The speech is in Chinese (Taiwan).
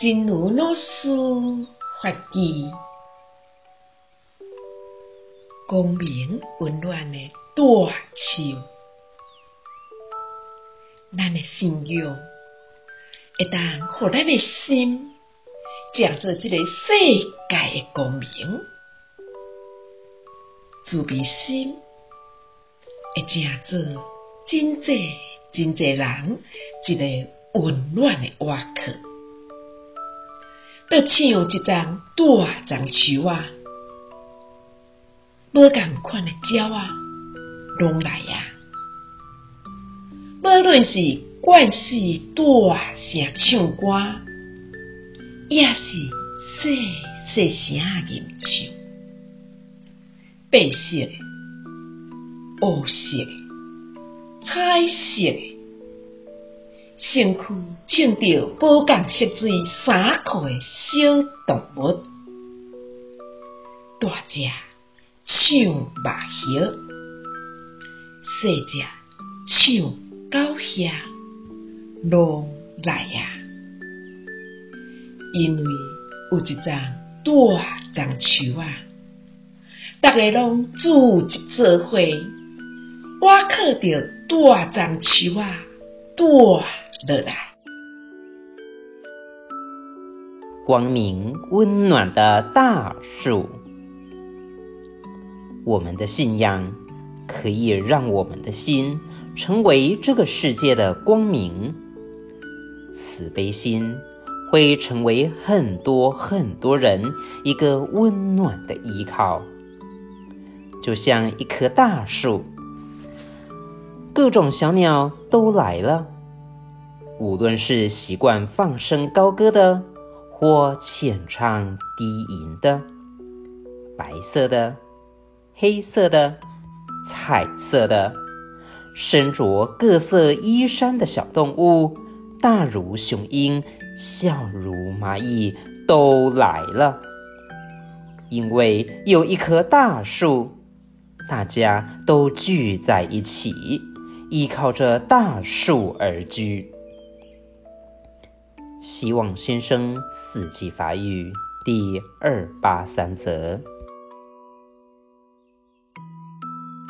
真如老師法語，光明溫暖的大樹，咱 的信仰一旦互咱的心，建做即個世界的光明，慈悲心會建造真濟真濟人一個溫暖個倚靠。就像一叢大叢樹啊，無同款誒鳥啊，攏來啊。無論是慣勢大聲唱歌，抑是細細聲吟唱，白色誒，黑色誒，彩色的。身軀穿著保降色水衫褲的小動物，大只像麻雀，細只像螞蟻，攏來呀，啊！因為有一只大樟樹啊，大家攏住一座花，我靠著大樟樹啊。多的來，光明溫暖的大樹。我們的信仰可以讓我們的心成為這個世界的光明，慈悲心會成為很多很多人一個溫暖的依靠，就像一棵大樹。各種小鳥都來了，無論是習慣放聲高歌的，或淺唱低吟的，白色的、黑色的、彩色的，身着各色衣衫的小動物，大如雄鷹，小如螞蟻，都來了。因為有一棵大樹，大家都聚在一起。依靠着大樹而居，希望新生四季法語。第二八三則。